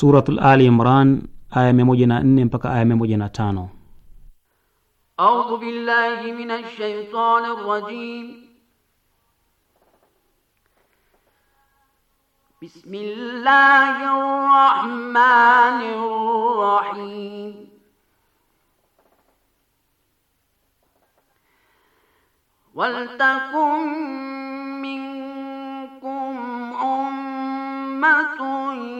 Suratul Ali Imran aya 104 mpaka aya 105. A'udhu billahi minash shaitanir rajim. Bismillahir rahmanir rahim. Waltakum minkum ummatun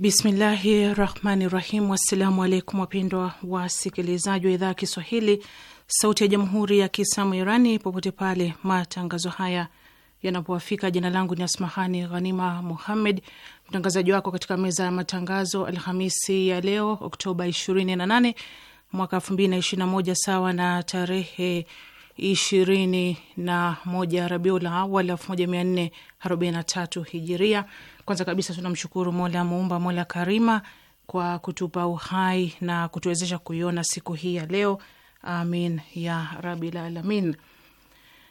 Bismillahi rahmani rahim. Wassalamu alaikum wapendwa wasikilizaji wa idhaa ya Kiswahili sauti ya jamhuri ya Kiislamu Irani popote pale matangazo haya yanapowafika. Jina langu ni Asmahani Ghanima Muhammed, mtangazaji wako katika meza ya matangazo Alhamisi ya leo Oktoba 28 mwaka 2021 sawa na tarehe 21 Rabiul Awal 1443 Hijiria. Kwanza kabisa tunamshukuru Mola Muumba, Mola Karima, kwa kutupa uhai na kutuwezesha kuiona siku hii ya leo. Amin ya rabil alamin.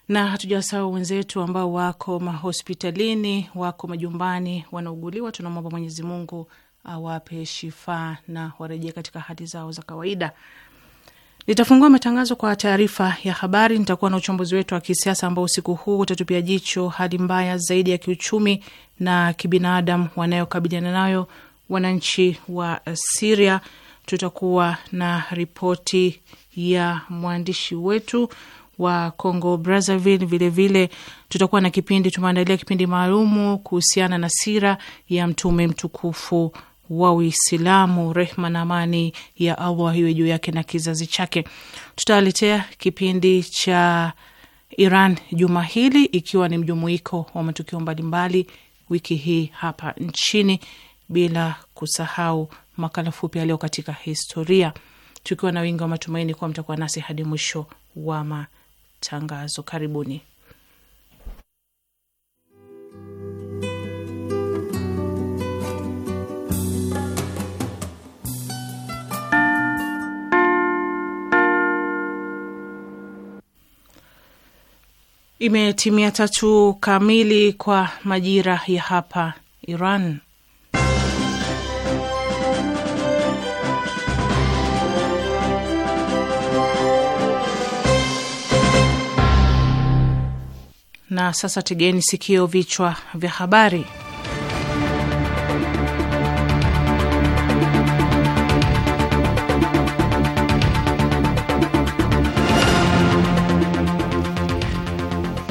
Na hatujasahau wenzetu ambao wako mahospitalini, wako majumbani, wanauguliwa. Tunamwomba Mwenyezi Mungu awape shifaa na warejee katika hali zao za kawaida nitafungua matangazo kwa taarifa ya habari. Nitakuwa na uchambuzi wetu wa kisiasa ambao usiku huu utatupia jicho hali mbaya zaidi ya kiuchumi na kibinadamu wanayokabiliana nayo wananchi wa Siria. Tutakuwa na ripoti ya mwandishi wetu wa Congo Brazzaville. Vilevile tutakuwa na kipindi, tumeandalia kipindi maalumu kuhusiana na sira ya mtume mtukufu wa Uislamu, rehma na amani ya Allah iwe juu yake na kizazi chake. Tutawaletea kipindi cha Iran juma hili, ikiwa ni mjumuiko wa matukio mbalimbali wiki hii hapa nchini, bila kusahau makala fupi yaliyo katika historia, tukiwa na wingi wa matumaini kuwa mtakuwa nasi hadi mwisho wa matangazo. Karibuni. Imetimia tatu kamili kwa majira ya hapa Iran. Na sasa tegeni sikio, vichwa vya habari.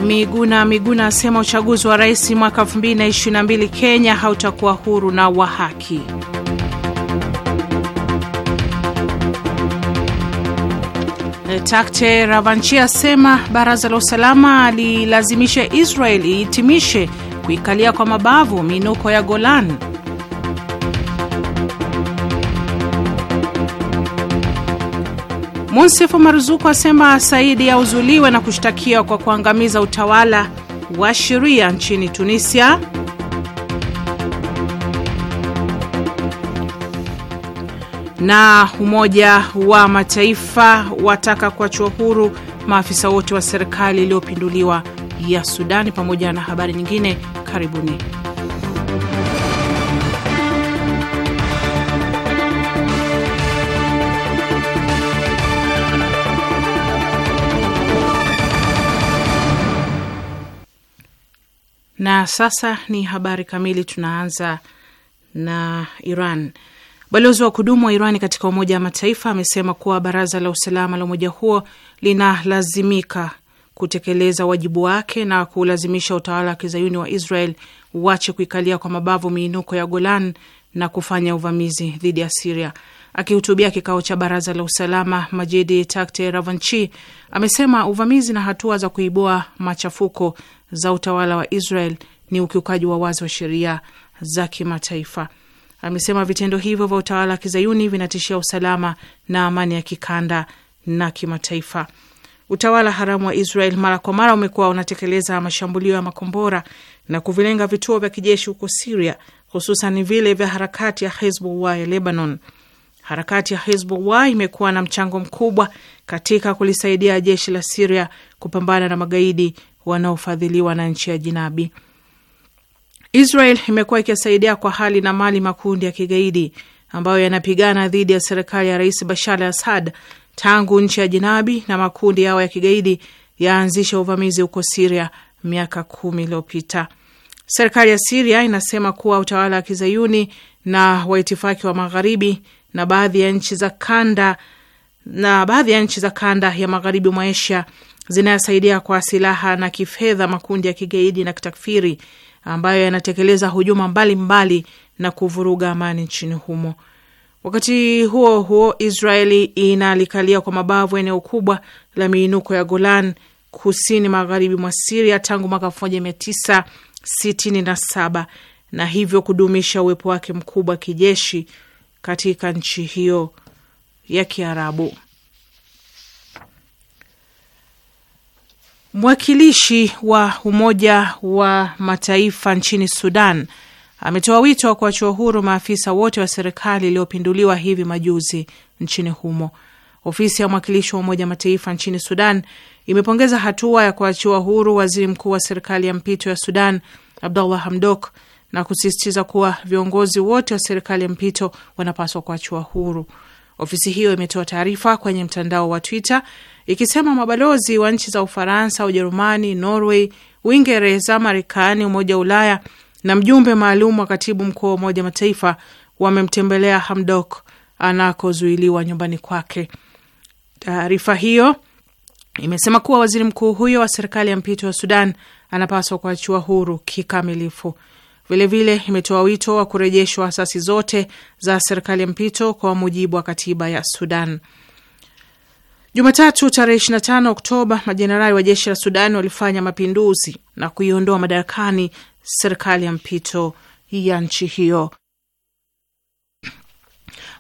Miguna Miguna asema uchaguzi wa rais mwaka 2022 Kenya hautakuwa huru na wa haki. Takte e, Ravanchi asema baraza la usalama lilazimishe Israel ihitimishe kuikalia kwa mabavu minuko ya Golan. munsifu Maruzuku asema Saidi auzuliwe na kushtakiwa kwa kuangamiza utawala wa sheria nchini Tunisia. Na Umoja wa Mataifa wataka kuachwa huru maafisa wote wa serikali iliyopinduliwa ya Sudani, pamoja na habari nyingine. Karibuni. Na sasa ni habari kamili. Tunaanza na Iran. Balozi wa kudumu wa Iran katika Umoja wa Mataifa amesema kuwa baraza la usalama la umoja huo linalazimika kutekeleza wajibu wake na kuulazimisha utawala wa kizayuni wa Israel uache kuikalia kwa mabavu miinuko ya Golan na kufanya uvamizi dhidi ya Siria. Akihutubia kikao cha baraza la usalama, Majidi Takte Ravanchi amesema uvamizi na hatua za kuibua machafuko za utawala wa Israel ni ukiukaji wa wazi wa sheria za kimataifa. Amesema vitendo hivyo vya utawala wa kizayuni vinatishia usalama na amani ya kikanda na kimataifa. Utawala haramu wa Israel mara kwa mara umekuwa unatekeleza mashambulio ya makombora na kuvilenga vituo vya kijeshi huko Siria, hususan vile vya harakati ya Hezbollah ya Lebanon. Harakati ya Hezbollah imekuwa na mchango mkubwa katika kulisaidia jeshi la Siria kupambana na magaidi wanaofadhiliwa na nchi ya jinabi. Israel imekuwa ikisaidia kwa hali na mali makundi ya kigaidi ambayo yanapigana dhidi ya serikali ya Rais Bashar al Assad tangu nchi ya jinabi na makundi yao ya kigaidi yaanzisha uvamizi huko Siria miaka kumi iliyopita. Serikali ya Siria inasema kuwa utawala wa kizayuni na waitifaki wa magharibi na baadhi ya nchi za kanda na baadhi ya nchi za kanda ya magharibi mwa Asia zinayosaidia kwa silaha na kifedha makundi ya kigaidi na kitakfiri ambayo yanatekeleza hujuma mbalimbali mbali na kuvuruga amani nchini humo. Wakati huo huo, Israeli inalikalia kwa mabavu eneo kubwa la miinuko ya Golan kusini magharibi mwa Siria tangu mwaka saba na hivyo kudumisha uwepo wake mkubwa kijeshi katika nchi hiyo ya Kiarabu. Mwakilishi wa Umoja wa Mataifa nchini Sudan ametoa wito wa kuachiwa huru maafisa wote wa serikali iliyopinduliwa hivi majuzi nchini humo. Ofisi ya mwakilishi wa Umoja wa Mataifa nchini Sudan imepongeza hatua ya kuachiwa huru waziri mkuu wa serikali ya mpito ya Sudan Abdullah Hamdok na kusisitiza kuwa viongozi wote wa serikali ya mpito wanapaswa kuachiwa huru. Ofisi hiyo imetoa taarifa kwenye mtandao wa Twitter ikisema mabalozi wa nchi za Ufaransa, Ujerumani, Norway, Uingereza, Marekani, Umoja wa Ulaya na mjumbe maalum wa katibu mkuu wa Umoja Mataifa wamemtembelea Hamdok anakozuiliwa nyumbani kwake. Taarifa hiyo imesema kuwa waziri mkuu huyo wa serikali ya mpito wa Sudan anapaswa kuachiwa huru kikamilifu. Vilevile imetoa wito wa kurejeshwa asasi zote za serikali ya mpito kwa mujibu wa katiba ya Sudan. Jumatatu tarehe 25 Oktoba, majenerali wa jeshi la Sudani walifanya mapinduzi na kuiondoa madarakani serikali ya mpito ya nchi hiyo.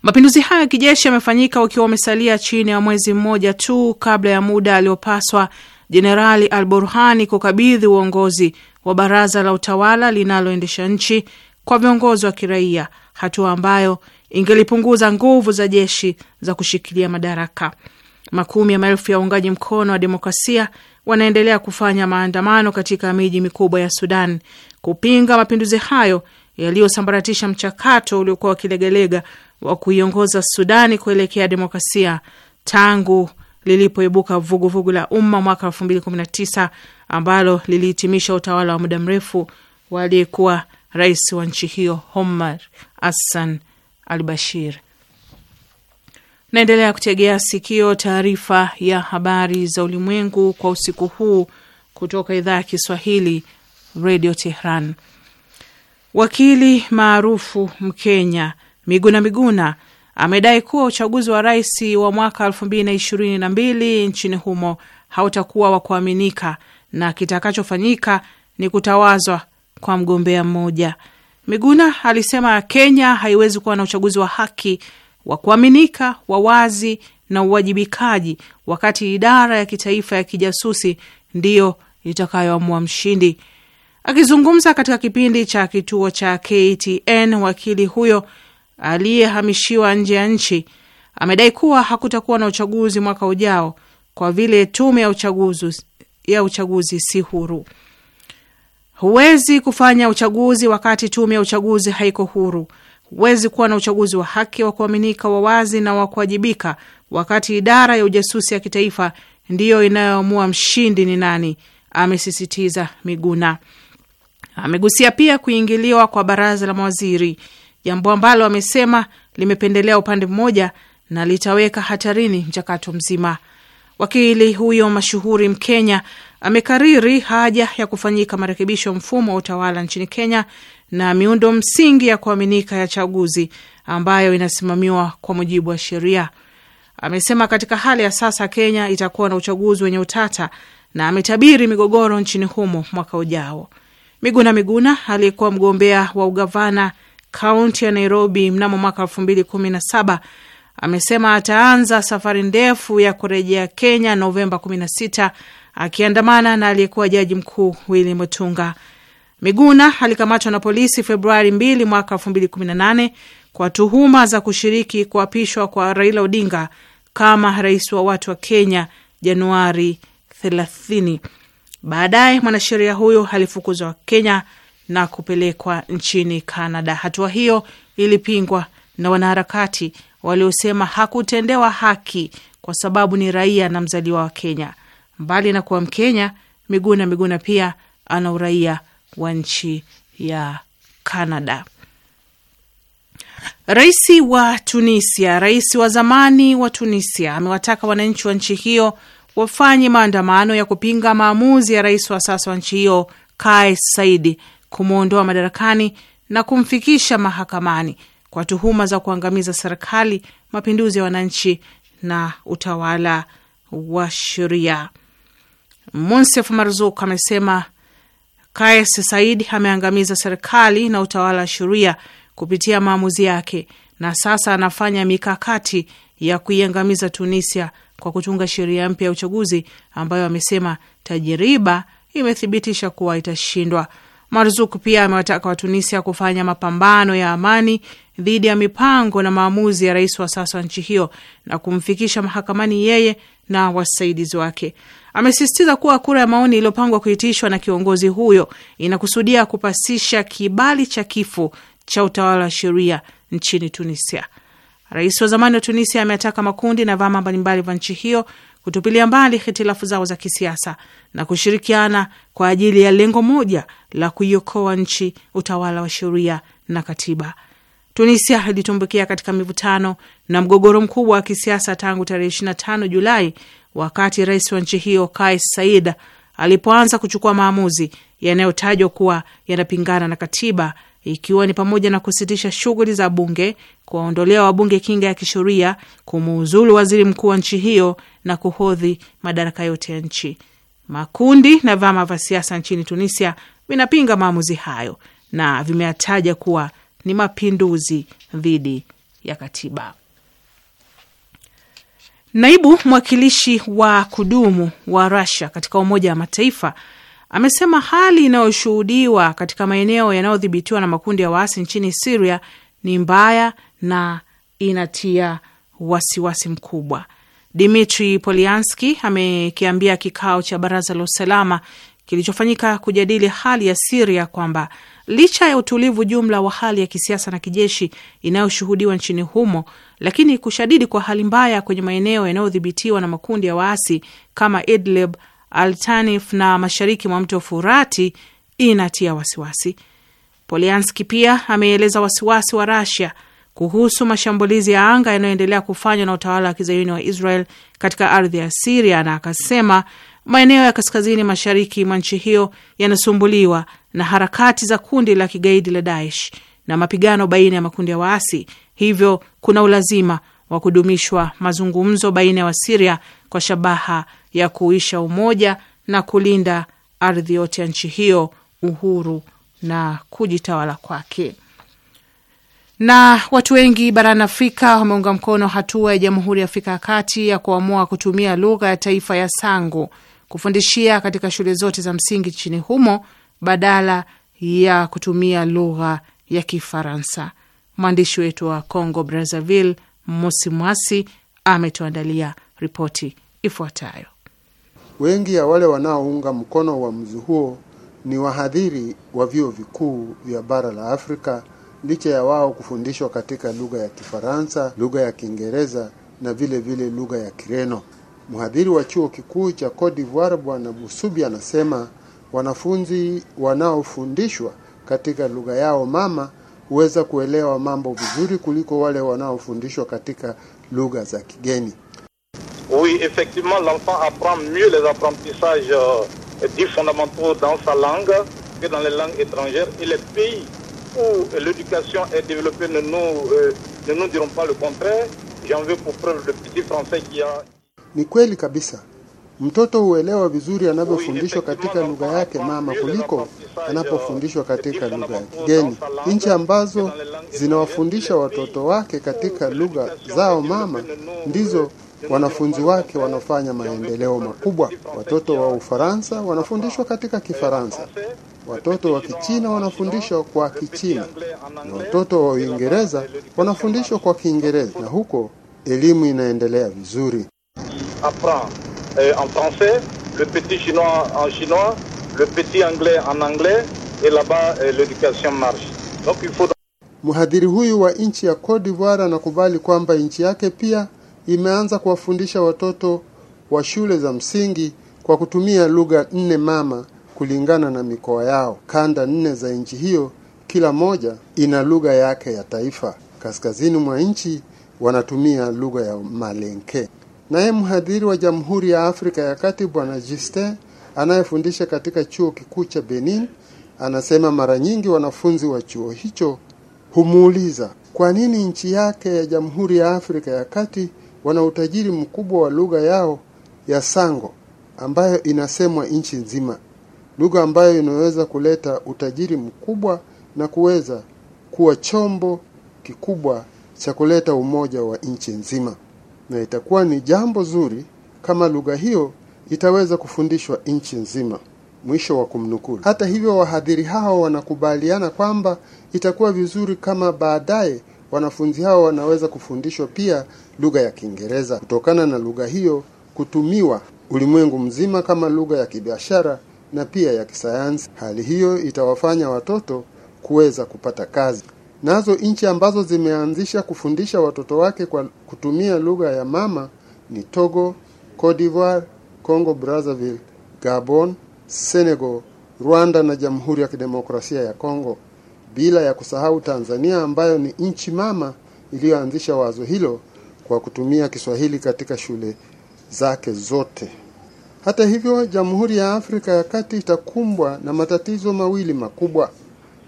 Mapinduzi hayo ya kijeshi yamefanyika wakiwa wamesalia chini ya mwezi mmoja tu kabla ya muda aliyopaswa Jenerali Al Burhani kukabidhi uongozi wa baraza la utawala linaloendesha nchi kwa viongozi wa kiraia, hatua ambayo ingelipunguza nguvu za jeshi za kushikilia madaraka. Makumi ya maelfu ya waungaji mkono wa demokrasia wanaendelea kufanya maandamano katika miji mikubwa ya Sudan kupinga mapinduzi hayo yaliyosambaratisha mchakato uliokuwa wakilegalega wa kuiongoza Sudani kuelekea demokrasia tangu lilipoibuka vuguvugu la umma mwaka elfu mbili kumi na tisa ambalo lilihitimisha utawala wa muda mrefu wa aliyekuwa rais wa nchi hiyo Omar Hassan al Bashir. Naendelea kutegea sikio taarifa ya habari za ulimwengu kwa usiku huu kutoka idhaa ya Kiswahili Radio Tehran. Wakili maarufu Mkenya Miguna Miguna amedai kuwa uchaguzi wa rais wa mwaka elfu mbili na ishirini na mbili nchini humo hautakuwa wa kuaminika na kitakachofanyika ni kutawazwa kwa mgombea mmoja. Miguna alisema Kenya haiwezi kuwa na uchaguzi wa haki wa kuaminika, wa wazi na uwajibikaji, wakati idara ya kitaifa ya kijasusi ndiyo itakayoamua mshindi. Akizungumza katika kipindi cha kituo cha KTN, wakili huyo aliyehamishiwa nje ya nchi amedai kuwa hakutakuwa na uchaguzi mwaka ujao kwa vile tume ya uchaguzi ya uchaguzi si huru. Huwezi kufanya uchaguzi wakati tume ya uchaguzi haiko huru. Huwezi kuwa na uchaguzi wa haki wa kuaminika, wa wazi na wa kuwajibika wakati idara ya ujasusi ya kitaifa ndiyo inayoamua mshindi ni nani, amesisitiza Miguna. Amegusia pia kuingiliwa kwa baraza la mawaziri, jambo ambalo amesema limependelea upande mmoja na litaweka hatarini mchakato mzima. Wakili huyo mashuhuri Mkenya amekariri haja ya kufanyika marekebisho mfumo wa utawala nchini Kenya na miundo msingi ya kuaminika ya chaguzi ambayo inasimamiwa kwa mujibu wa sheria. Amesema katika hali ya sasa Kenya itakuwa na uchaguzi wenye utata na ametabiri migogoro nchini humo mwaka ujao. Miguna Miguna aliyekuwa mgombea wa ugavana kaunti ya Nairobi mnamo mwaka elfu mbili kumi na saba amesema ataanza safari ndefu ya kurejea Kenya Novemba 16 akiandamana na aliyekuwa jaji mkuu Willy Mutunga. Miguna alikamatwa na polisi Februari 2 mwaka 2018 kwa tuhuma za kushiriki kuapishwa kwa Raila Odinga kama rais wa watu wa Kenya Januari 30. Baadaye mwanasheria huyo alifukuzwa Kenya na kupelekwa nchini Canada. Hatua hiyo ilipingwa na wanaharakati waliosema hakutendewa haki kwa sababu ni raia na mzaliwa wa Kenya. Mbali na kuwa Mkenya, Miguna Miguna pia ana uraia wa nchi ya Canada. Rais wa Tunisia, rais wa zamani wa Tunisia amewataka wananchi wa nchi hiyo wafanye maandamano ya kupinga maamuzi ya rais wa sasa wa nchi hiyo Kais Saidi kumwondoa madarakani na kumfikisha mahakamani kwa tuhuma za kuangamiza serikali, mapinduzi ya wananchi na utawala wa sheria. Munsef Marzuk amesema Kais Said ameangamiza serikali na utawala wa sheria kupitia maamuzi yake, na sasa anafanya mikakati ya kuiangamiza Tunisia kwa kutunga sheria mpya ya uchaguzi ambayo amesema tajiriba imethibitisha kuwa itashindwa. Marzuk pia amewataka Watunisia kufanya mapambano ya amani dhidi ya mipango na maamuzi ya rais wa sasa wa nchi hiyo na kumfikisha mahakamani yeye na wasaidizi wake. Amesisitiza kuwa kura ya maoni iliyopangwa kuitishwa na kiongozi huyo inakusudia kupasisha kibali cha kifo cha utawala wa sheria nchini Tunisia. Rais wa zamani wa Tunisia ameataka makundi na vyama mbalimbali vya nchi hiyo kutupilia mbali hitilafu zao za kisiasa na kushirikiana kwa ajili ya lengo moja la kuiokoa nchi, utawala wa sheria na katiba. Tunisia ilitumbukia katika mivutano na mgogoro mkubwa wa kisiasa tangu tarehe 25 Julai, wakati rais wa nchi hiyo Kais Said alipoanza kuchukua maamuzi yanayotajwa kuwa yanapingana na katiba, ikiwa ni pamoja na kusitisha shughuli za bunge, kuwaondolea wabunge kinga ya kisheria, kumuuzulu waziri mkuu wa nchi hiyo na kuhodhi madaraka yote ya nchi. Makundi na vyama vya siasa nchini Tunisia vinapinga maamuzi hayo na vimeyataja kuwa ni mapinduzi dhidi ya katiba. Naibu mwakilishi wa kudumu wa rasia katika Umoja wa Mataifa amesema hali inayoshuhudiwa katika maeneo yanayodhibitiwa na makundi ya waasi nchini Siria ni mbaya na inatia wasiwasi wasi mkubwa. Dmitri Polianski amekiambia kikao cha Baraza la Usalama kilichofanyika kujadili hali ya Siria kwamba Licha ya utulivu jumla wa hali ya kisiasa na kijeshi inayoshuhudiwa nchini humo, lakini kushadidi kwa hali mbaya kwenye maeneo yanayodhibitiwa na makundi ya waasi kama Idlib, Altanif na mashariki mwa mto Furati inatia wasiwasi. Polianski pia ameeleza wasiwasi wa Rasia kuhusu mashambulizi ya anga yanayoendelea kufanywa na utawala wa kizayuni wa Israel katika ardhi ya Siria, na akasema maeneo ya kaskazini mashariki mwa nchi hiyo yanasumbuliwa na harakati za kundi la kigaidi la Daesh na mapigano baina ya makundi ya waasi, hivyo kuna ulazima wa kudumishwa mazungumzo baina ya Wasiria kwa shabaha ya kuisha umoja na kulinda ardhi yote ya nchi hiyo, uhuru na kujitawala kwake. Na watu wengi barani Afrika wameunga mkono hatua ya Jamhuri ya Afrika ya Kati ya kuamua kutumia lugha ya taifa ya Sango kufundishia katika shule zote za msingi nchini humo badala ya kutumia lugha ya Kifaransa. Mwandishi wetu wa Congo Brazzaville, Mosi Mwasi, ametuandalia ripoti ifuatayo. Wengi ya wale wanaounga mkono uamuzi huo ni wahadhiri wa vyuo vikuu vya bara la Afrika, licha ya wao kufundishwa katika lugha ya Kifaransa, lugha ya Kiingereza na vile vile lugha ya Kireno. Mhadhiri wa chuo kikuu cha Cote d'Ivoire Bwana Busubi anasema Wanafunzi wanaofundishwa katika lugha yao mama huweza kuelewa mambo vizuri kuliko wale wanaofundishwa katika lugha za kigeni. Oui, effectivement, l'enfant apprend mieux les apprentissages euh, dits fondamentaux dans sa langue que dans les langues étrangères. Et les pays où l'éducation est développée ne nous, euh, ne nous diront pas le contraire. J'en veux pour preuve le petit français qui a... Ni kweli kabisa Mtoto huelewa vizuri anavyofundishwa katika lugha yake mama kuliko anapofundishwa katika lugha ya kigeni. Nchi ambazo zinawafundisha watoto wake katika lugha zao mama ndizo wanafunzi wake wanafanya maendeleo makubwa. Watoto wa Ufaransa wanafundishwa katika Kifaransa, watoto wa Kichina wanafundishwa kwa Kichina, na watoto wa Uingereza wanafundishwa kwa Kiingereza, na huko elimu inaendelea vizuri euh, en français, le petit chinois en chinois, le petit anglais en anglais, et là-bas euh, l'éducation marche. Donc il faut... Mhadhiri huyu wa nchi ya Cote d'Ivoire anakubali kwamba nchi yake pia imeanza kuwafundisha watoto wa shule za msingi kwa kutumia lugha nne mama kulingana na mikoa yao. Kanda nne za nchi hiyo, kila moja ina lugha yake ya taifa. Kaskazini mwa nchi wanatumia lugha ya Malenke. Naye mhadhiri wa Jamhuri ya Afrika ya Kati Bwana Justin anayefundisha katika chuo kikuu cha Benin anasema mara nyingi wanafunzi wa chuo hicho humuuliza kwa nini nchi yake ya Jamhuri ya Afrika ya Kati wana utajiri mkubwa wa lugha yao ya Sango ambayo inasemwa nchi nzima, lugha ambayo inaweza kuleta utajiri mkubwa na kuweza kuwa chombo kikubwa cha kuleta umoja wa nchi nzima na itakuwa ni jambo zuri kama lugha hiyo itaweza kufundishwa nchi nzima. Mwisho wa kumnukulu. Hata hivyo, wahadhiri hao wanakubaliana kwamba itakuwa vizuri kama baadaye wanafunzi hao wanaweza kufundishwa pia lugha ya Kiingereza kutokana na lugha hiyo kutumiwa ulimwengu mzima kama lugha ya kibiashara na pia ya kisayansi. Hali hiyo itawafanya watoto kuweza kupata kazi. Nazo nchi ambazo zimeanzisha kufundisha watoto wake kwa kutumia lugha ya mama ni Togo, Cote d'Ivoire, Congo Brazzaville, Gabon, Senegal, Rwanda na Jamhuri ya Kidemokrasia ya congo bila ya kusahau Tanzania ambayo ni nchi mama iliyoanzisha wazo hilo kwa kutumia Kiswahili katika shule zake zote. Hata hivyo, Jamhuri ya Afrika ya Kati itakumbwa na matatizo mawili makubwa.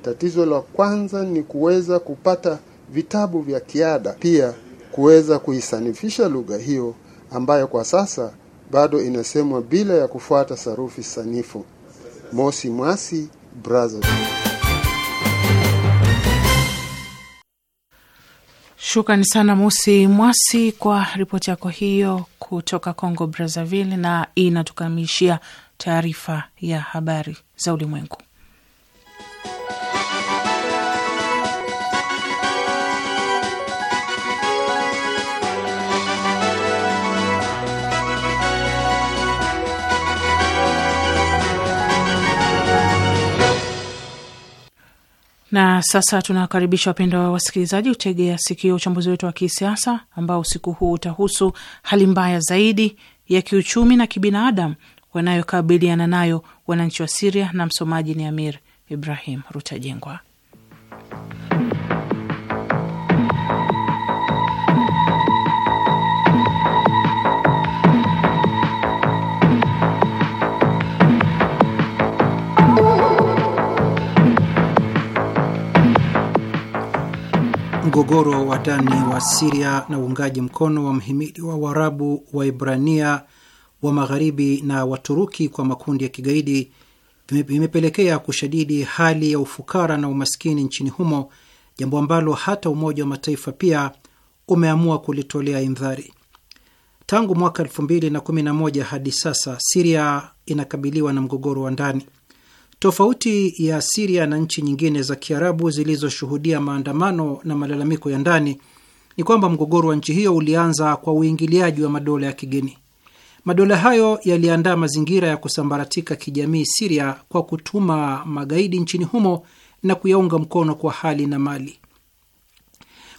Tatizo la kwanza ni kuweza kupata vitabu vya kiada, pia kuweza kuisanifisha lugha hiyo ambayo kwa sasa bado inasemwa bila ya kufuata sarufi sanifu. Mosi Mwasi Brothers. Shukrani sana Mosi Mwasi kwa ripoti yako hiyo kutoka Congo Brazzaville, na inatukamishia taarifa ya habari za ulimwengu. Na sasa tunawakaribisha wapendwa wa wasikilizaji hutegea sikio uchambuzi wetu wa kisiasa ambao usiku huu utahusu hali mbaya zaidi ya kiuchumi na kibinadamu wanayokabiliana nayo wananchi wa Siria, na msomaji ni Amir Ibrahim Rutajengwa. mgogoro wa ndani wa Siria na uungaji mkono wa mhimili wa Waarabu wa Ibrania wa Magharibi na Waturuki kwa makundi ya kigaidi vimepelekea kushadidi hali ya ufukara na umaskini nchini humo, jambo ambalo hata Umoja wa Mataifa pia umeamua kulitolea indhari. Tangu mwaka 2011 hadi sasa Siria inakabiliwa na mgogoro wa ndani. Tofauti ya Siria na nchi nyingine za Kiarabu zilizoshuhudia maandamano na malalamiko ya ndani ni kwamba mgogoro wa nchi hiyo ulianza kwa uingiliaji wa madola ya kigeni. Madola hayo yaliandaa mazingira ya kusambaratika kijamii Siria kwa kutuma magaidi nchini humo na kuyaunga mkono kwa hali na mali.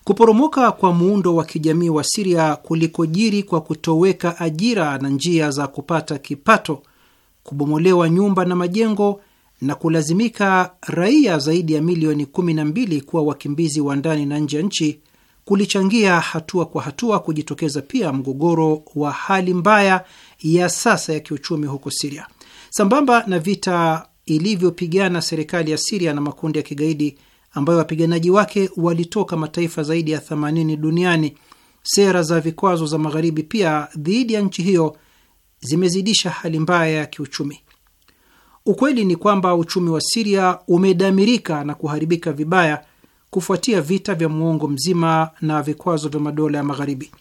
Kuporomoka kwa muundo wa kijamii wa Siria kulikojiri kwa kutoweka ajira na njia za kupata kipato, kubomolewa nyumba na majengo na kulazimika raia zaidi ya milioni 12 kuwa wakimbizi wa ndani na nje ya nchi kulichangia hatua kwa hatua kujitokeza pia mgogoro wa hali mbaya ya sasa ya kiuchumi huko Siria. Sambamba na vita ilivyopigana serikali ya Siria na makundi ya kigaidi ambayo wapiganaji wake walitoka mataifa zaidi ya 80 duniani, sera za vikwazo za Magharibi pia dhidi ya nchi hiyo zimezidisha hali mbaya ya kiuchumi. Ukweli ni kwamba uchumi wa Siria umedamirika na kuharibika vibaya kufuatia vita vya muongo mzima na vikwazo vya madola ya Magharibi.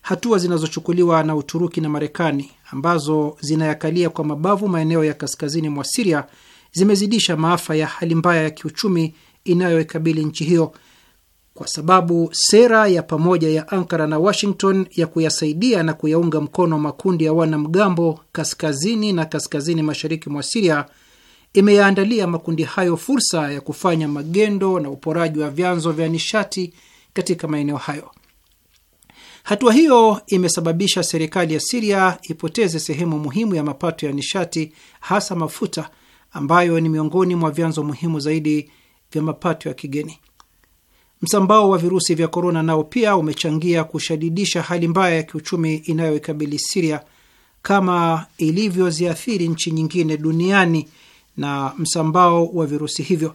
Hatua zinazochukuliwa na Uturuki na Marekani ambazo zinayakalia kwa mabavu maeneo ya kaskazini mwa Siria zimezidisha maafa ya hali mbaya ya kiuchumi inayoikabili nchi hiyo kwa sababu sera ya pamoja ya Ankara na Washington ya kuyasaidia na kuyaunga mkono makundi ya wanamgambo kaskazini na kaskazini mashariki mwa Siria imeyaandalia makundi hayo fursa ya kufanya magendo na uporaji wa vyanzo vya nishati katika maeneo hayo. Hatua hiyo imesababisha serikali ya Siria ipoteze sehemu muhimu ya mapato ya nishati, hasa mafuta ambayo ni miongoni mwa vyanzo muhimu zaidi vya mapato ya kigeni. Msambao wa virusi vya korona nao pia umechangia kushadidisha hali mbaya ya kiuchumi inayoikabili Siria kama ilivyoziathiri nchi nyingine duniani na msambao wa virusi hivyo.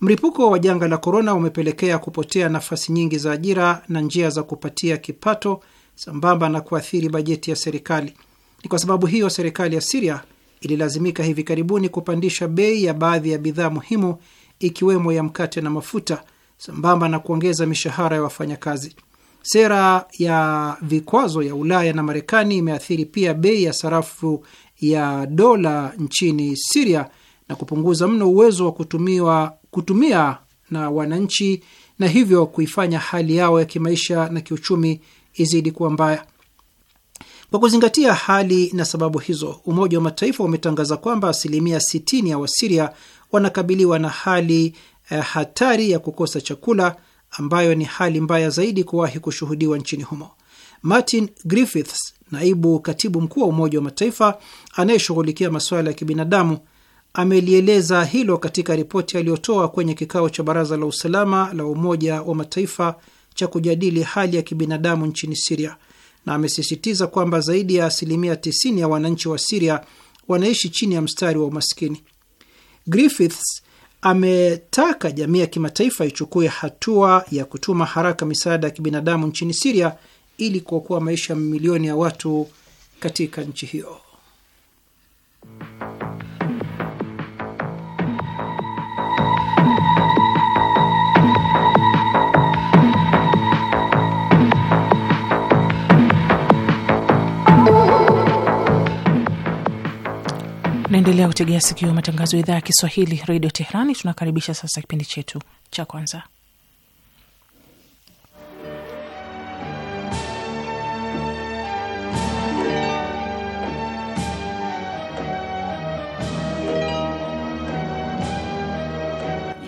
mripuko wa janga la korona umepelekea kupotea nafasi nyingi za ajira na njia za kupatia kipato sambamba na kuathiri bajeti ya serikali. Ni kwa sababu hiyo serikali ya Siria ililazimika hivi karibuni kupandisha bei ya baadhi ya bidhaa muhimu ikiwemo ya mkate na mafuta sambamba na kuongeza mishahara ya wafanyakazi. Sera ya vikwazo ya Ulaya na Marekani imeathiri pia bei ya sarafu ya dola nchini Siria na kupunguza mno uwezo wa kutumiwa, kutumia na wananchi na hivyo kuifanya hali yao ya kimaisha na kiuchumi izidi kuwa mbaya. Kwa kuzingatia hali na sababu hizo, Umoja wa Mataifa umetangaza kwamba asilimia 60 ya Wasiria wanakabiliwa na hali eh, hatari ya kukosa chakula ambayo ni hali mbaya zaidi kuwahi kushuhudiwa nchini humo. Martin Griffiths, naibu katibu mkuu wa Umoja wa Mataifa anayeshughulikia masuala ya kibinadamu, amelieleza hilo katika ripoti aliyotoa kwenye kikao cha Baraza la Usalama la Umoja wa Mataifa cha kujadili hali ya kibinadamu nchini Siria, na amesisitiza kwamba zaidi ya asilimia 90 ya wananchi wa Siria wanaishi chini ya mstari wa umaskini. Griffiths ametaka jamii ya kimataifa ichukue hatua ya kutuma haraka misaada ya kibinadamu nchini Siria ili kuokoa maisha ya mamilioni ya watu katika nchi hiyo. Naendelea kutegea sikio matangazo ya idhaa ya Kiswahili redio Teherani. Tunakaribisha sasa kipindi chetu cha kwanza,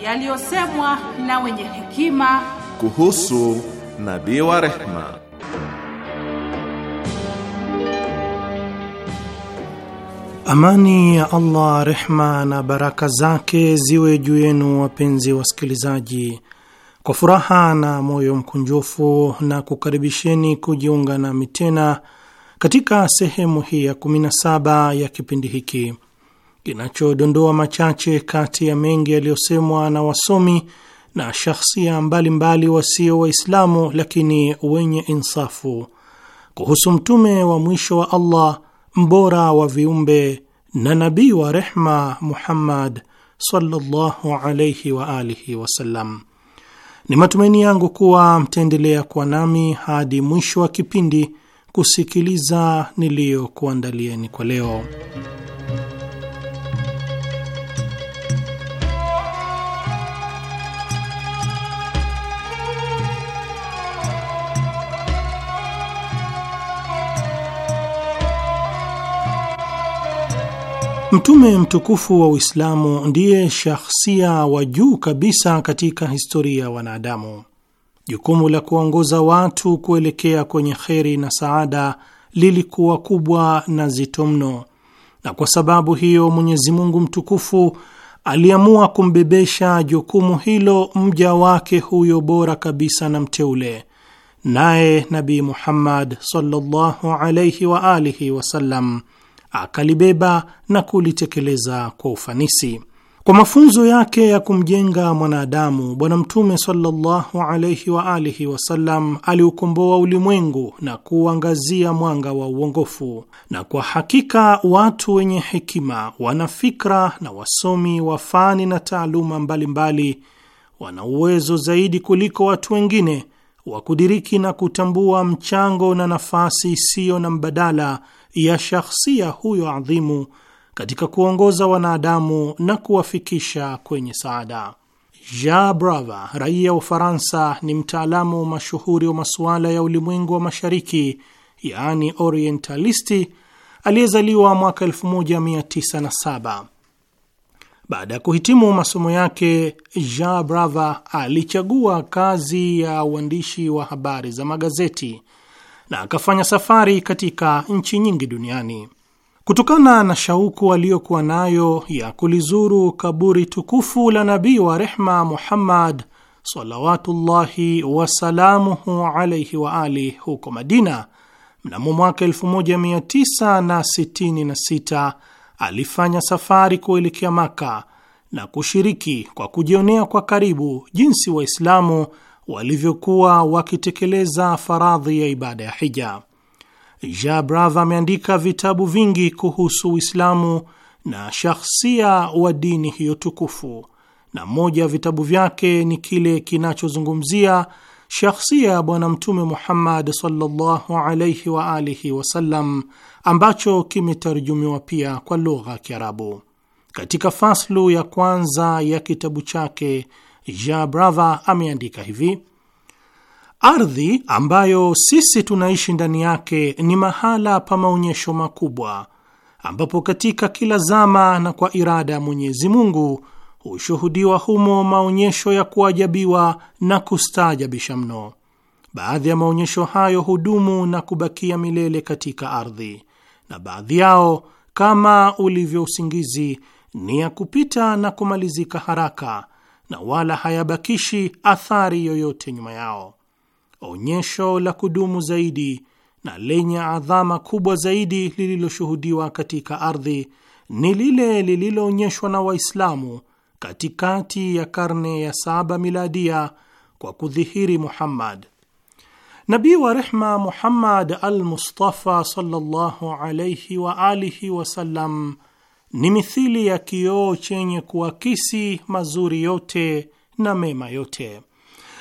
yaliyosemwa na wenye hekima kuhusu nabii wa rehma. Amani ya Allah, rehma na baraka zake ziwe juu yenu, wapenzi wasikilizaji. Kwa furaha na moyo mkunjufu na kukaribisheni kujiunga nami tena katika sehemu hii ya 17 ya kipindi hiki kinachodondoa machache kati ya mengi yaliyosemwa na wasomi na shakhsia mbalimbali wasio Waislamu lakini wenye insafu kuhusu mtume wa mwisho wa Allah mbora wa viumbe na nabii wa rehma Muhammad sallallahu alayhi wa alihi wasallam. Ni matumaini yangu kuwa mtaendelea kuwa nami hadi mwisho wa kipindi kusikiliza niliyokuandalieni kwa leo. Mtume mtukufu wa Uislamu ndiye shahsia wa juu kabisa katika historia ya wanadamu. Jukumu la kuongoza watu kuelekea kwenye kheri na saada lilikuwa kubwa na zito mno, na kwa sababu hiyo Mwenyezi Mungu mtukufu aliamua kumbebesha jukumu hilo mja wake huyo bora kabisa na mteule, naye Nabii Muhammad sallallahu alayhi wa alihi wasallam akalibeba na kulitekeleza kwa ufanisi. Kwa mafunzo yake ya kumjenga mwanadamu, Bwana Mtume sallallahu alaihi wa alihi wasallam aliukomboa ulimwengu na kuuangazia mwanga wa uongofu. Na kwa hakika watu wenye hekima, wanafikra na wasomi wa fani na taaluma mbalimbali wana uwezo zaidi kuliko watu wengine wa kudiriki na kutambua mchango na nafasi isiyo na mbadala ya shahsia huyo adhimu katika kuongoza wanadamu na kuwafikisha kwenye saada. Ja Brava, raia wa Ufaransa, ni mtaalamu mashuhuri wa masuala ya ulimwengu wa mashariki, yaani orientalisti, aliyezaliwa mwaka 1907. Baada ya kuhitimu masomo yake, Jean Brava alichagua kazi ya uandishi wa habari za magazeti na akafanya safari katika nchi nyingi duniani. Kutokana na shauku aliyokuwa nayo ya kulizuru kaburi tukufu la nabii wa rehma Muhammad salawatullahi wasalamuhu alaihi wa ali huko Madina, mnamo mwaka 1966 alifanya safari kuelekea Maka na kushiriki kwa kujionea kwa karibu jinsi Waislamu walivyokuwa wakitekeleza faradhi ya ibada ya hija. Jabrath ameandika vitabu vingi kuhusu Uislamu na shakhsia wa dini hiyo tukufu, na moja ya vitabu vyake ni kile kinachozungumzia shakhsia ya Bwana Mtume Muhammad sallallahu alaihi wa alihi wasallam, ambacho kimetarjumiwa pia kwa lugha ya Kiarabu. Katika faslu ya kwanza ya kitabu chake Ja Brava ameandika hivi: ardhi ambayo sisi tunaishi ndani yake ni mahala pa maonyesho makubwa, ambapo katika kila zama na kwa irada ya Mwenyezi Mungu hushuhudiwa humo maonyesho ya kuajabiwa na kustaajabisha mno. Baadhi ya maonyesho hayo hudumu na kubakia milele katika ardhi, na baadhi yao kama ulivyo usingizi ni ya kupita na kumalizika haraka na wala hayabakishi athari yoyote nyuma yao. Onyesho la kudumu zaidi na lenye adhama kubwa zaidi lililoshuhudiwa katika ardhi ni lile lililoonyeshwa na Waislamu katikati ya karne ya saba miladia kwa kudhihiri Muhammad, nabii wa rehma Muhammad al-Mustafa sallallahu alayhi wa alihi wasallam ni mithili ya kioo chenye kuakisi mazuri yote na mema yote,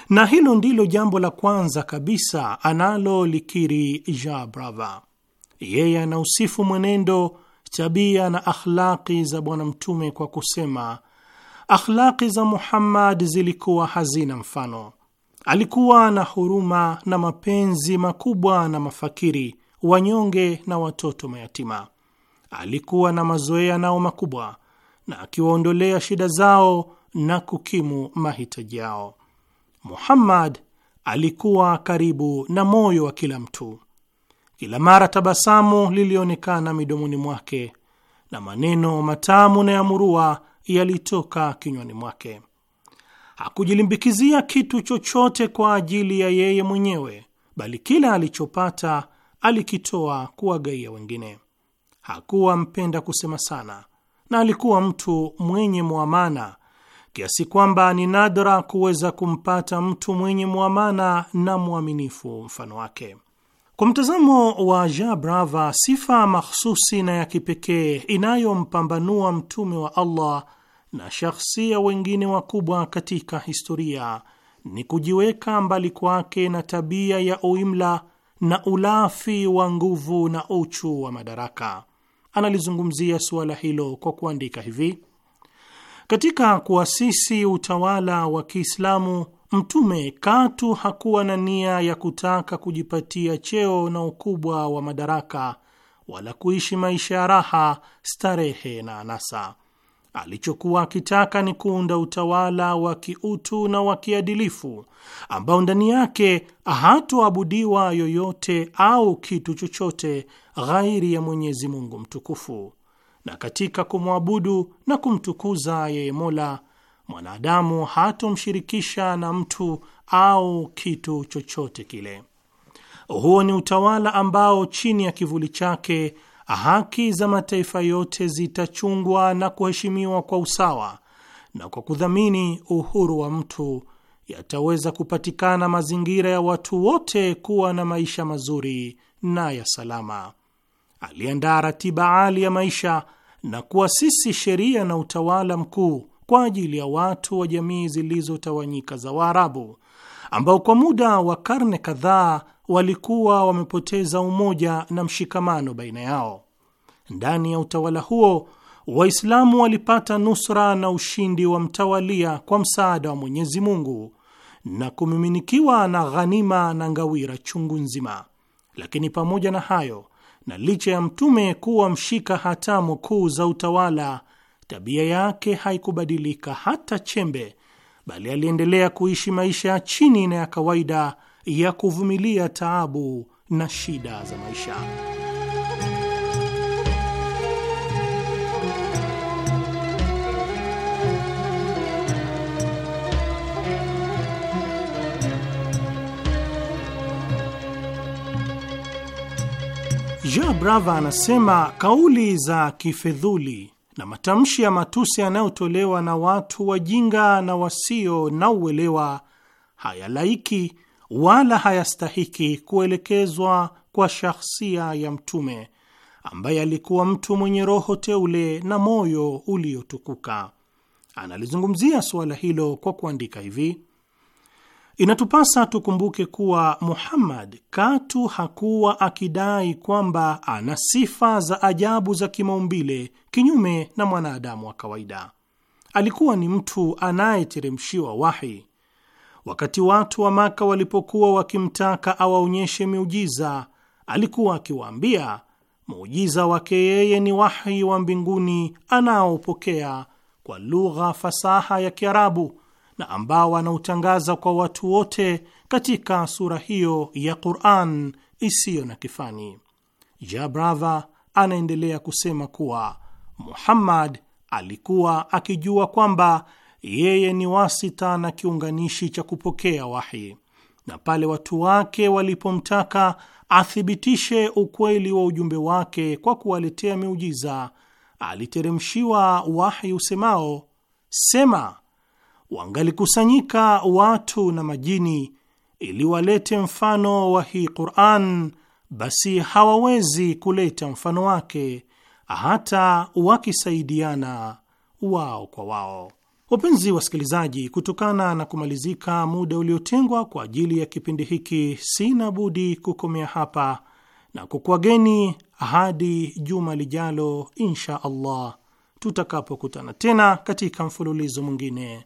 na hilo ndilo jambo la kwanza kabisa analolikiri Ja Brava. Yeye anausifu mwenendo, tabia na akhlaqi za Bwana Mtume kwa kusema, akhlaqi za Muhammad zilikuwa hazina mfano. Alikuwa na huruma na mapenzi makubwa na mafakiri, wanyonge na watoto mayatima alikuwa na mazoea nao makubwa na akiwaondolea shida zao na kukimu mahitaji yao. Muhammad alikuwa karibu na moyo wa kila mtu. Kila mara tabasamu lilionekana midomoni mwake na maneno matamu na ya murua yalitoka kinywani mwake. Hakujilimbikizia kitu chochote kwa ajili ya yeye mwenyewe, bali kila alichopata alikitoa kuwagaia wengine hakuwa mpenda kusema sana na alikuwa mtu mwenye mwamana kiasi kwamba ni nadra kuweza kumpata mtu mwenye mwamana na mwaminifu mfano wake. Kwa mtazamo wa Ja Brava, sifa mahsusi na ya kipekee inayompambanua mtume wa Allah na shakhsia wengine wakubwa katika historia ni kujiweka mbali kwake na tabia ya uimla na ulafi wa nguvu na uchu wa madaraka. Analizungumzia suala hilo kwa kuandika hivi: katika kuasisi utawala wa Kiislamu, Mtume katu hakuwa na nia ya kutaka kujipatia cheo na ukubwa wa madaraka wala kuishi maisha ya raha, starehe na anasa. Alichokuwa akitaka ni kuunda utawala wa kiutu na wa kiadilifu ambao ndani yake hatoabudiwa yoyote au kitu chochote ghairi ya Mwenyezi Mungu mtukufu. Na katika kumwabudu na kumtukuza yeye Mola, mwanadamu hatomshirikisha na mtu au kitu chochote kile. Huo ni utawala ambao chini ya kivuli chake haki za mataifa yote zitachungwa na kuheshimiwa kwa usawa, na kwa kudhamini uhuru wa mtu yataweza kupatikana mazingira ya watu wote kuwa na maisha mazuri na ya salama aliandaa ratiba ali ya maisha na kuasisi sheria na utawala mkuu kwa ajili ya watu wa jamii zilizotawanyika za Waarabu ambao kwa muda wa karne kadhaa walikuwa wamepoteza umoja na mshikamano baina yao. Ndani ya utawala huo Waislamu walipata nusra na ushindi wa mtawalia kwa msaada wa Mwenyezi Mungu na kumiminikiwa na ghanima na ngawira chungu nzima. Lakini pamoja na hayo, na licha ya mtume kuwa mshika hatamu kuu za utawala, tabia yake haikubadilika hata chembe, bali aliendelea kuishi maisha ya chini na ya kawaida ya kuvumilia taabu na shida za maisha. Jean Brava anasema kauli za kifedhuli na matamshi ya matusi yanayotolewa na watu wajinga na wasio na uelewa hayalaiki wala hayastahiki kuelekezwa kwa shahsia ya Mtume ambaye alikuwa mtu mwenye roho teule na moyo uliotukuka. Analizungumzia suala hilo kwa kuandika hivi: Inatupasa tukumbuke kuwa Muhammad katu hakuwa akidai kwamba ana sifa za ajabu za kimaumbile kinyume na mwanadamu wa kawaida. Alikuwa ni mtu anayeteremshiwa wahi. Wakati watu wa Maka walipokuwa wakimtaka awaonyeshe miujiza, alikuwa akiwaambia muujiza wake yeye ni wahi wa mbinguni anaopokea kwa lugha fasaha ya Kiarabu na ambao anautangaza kwa watu wote katika sura hiyo ya Qur'an isiyo na kifani. Jabrava anaendelea kusema kuwa Muhammad alikuwa akijua kwamba yeye ni wasita na kiunganishi cha kupokea wahi, na pale watu wake walipomtaka athibitishe ukweli wa ujumbe wake kwa kuwaletea miujiza, aliteremshiwa wahi usemao, sema wangalikusanyika watu na majini ili walete mfano wa hii Qur'an, basi hawawezi kuleta mfano wake hata wakisaidiana wao kwa wao. Wapenzi wasikilizaji, kutokana na kumalizika muda uliotengwa kwa ajili ya kipindi hiki, sina budi kukomea hapa na kukwageni hadi juma lijalo, insha Allah, tutakapokutana tena katika mfululizo mwingine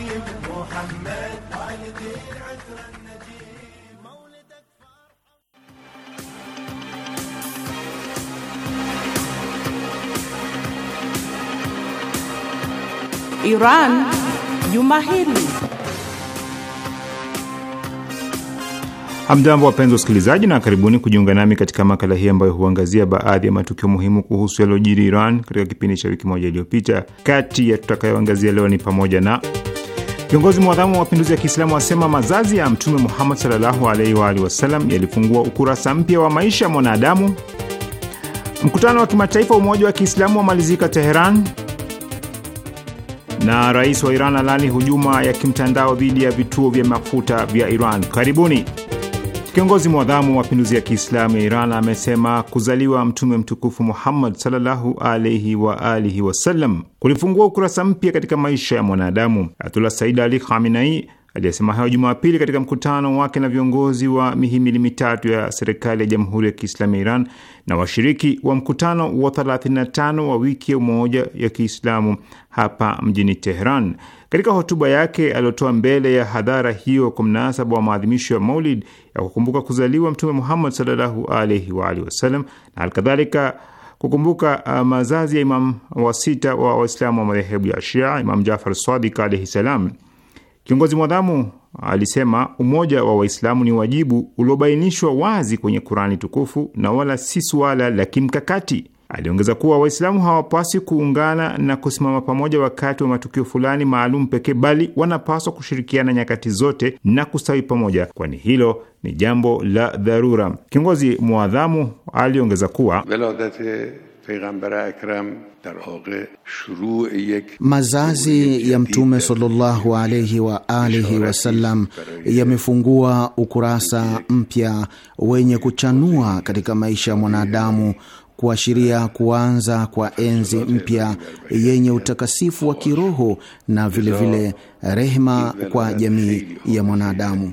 Iran juma hili. Hamjambo, wapenzi wasikilizaji, na karibuni kujiunga nami katika makala hii ambayo huangazia baadhi ya matukio muhimu kuhusu yaliyojiri Iran katika kipindi cha wiki moja iliyopita. Kati ya tutakayoangazia leo ni pamoja na Viongozi mwadhamu wa mapinduzi ya Kiislamu wasema mazazi ya Mtume Muhammad sallallahu alaihi wa alihi wasallam yalifungua ukurasa mpya wa maisha ya mwanadamu. Mkutano wa kimataifa umoja wa Kiislamu wamalizika Teheran, na rais wa Iran alani hujuma ya kimtandao dhidi ya vituo vya mafuta vya Iran. Karibuni. Kiongozi mwadhamu wa mapinduzi ya Kiislamu ya Iran amesema kuzaliwa Mtume mtukufu Muhammad sallallahu alaihi wa alihi wasallam kulifungua ukurasa mpya katika maisha ya mwanadamu. Ayatullah Said Ali Khamenei aliyesema hayo Jumapili katika mkutano wake na viongozi wa mihimili mitatu ya serikali ya Jamhuri ya Kiislamu ya Iran na washiriki wa mkutano wa 35 wa wiki ya Umoja ya Kiislamu hapa mjini Teheran. Katika hotuba yake aliyotoa mbele ya hadhara hiyo kwa mnasaba wa maadhimisho ya Maulid ya kukumbuka kuzaliwa Mtume Muhammad sallallahu alaihi wa alihi wasallam na alkadhalika kukumbuka uh, mazazi ya imam wa sita wa Waislamu wa madhehebu ya Shia, Imam Jafar Sadik alaihi salam, kiongozi mwadhamu alisema umoja wa Waislamu ni wajibu uliobainishwa wazi kwenye Kurani tukufu na wala si suala la kimkakati. Aliongeza kuwa Waislamu hawapasi kuungana na kusimama pamoja wakati wa matukio fulani maalum pekee, bali wanapaswa kushirikiana nyakati zote na kustawi pamoja, kwani hilo ni jambo la dharura. Kiongozi mwadhamu aliongeza kuwa mazazi ya Mtume er sallallahu alaihi wa alihi wasallam yamefungua ukurasa mpya wenye kuchanua katika maisha ya mwanadamu kuashiria kuanza kwa enzi mpya yenye utakasifu wa kiroho na vilevile vile rehma kwa jamii ya mwanadamu.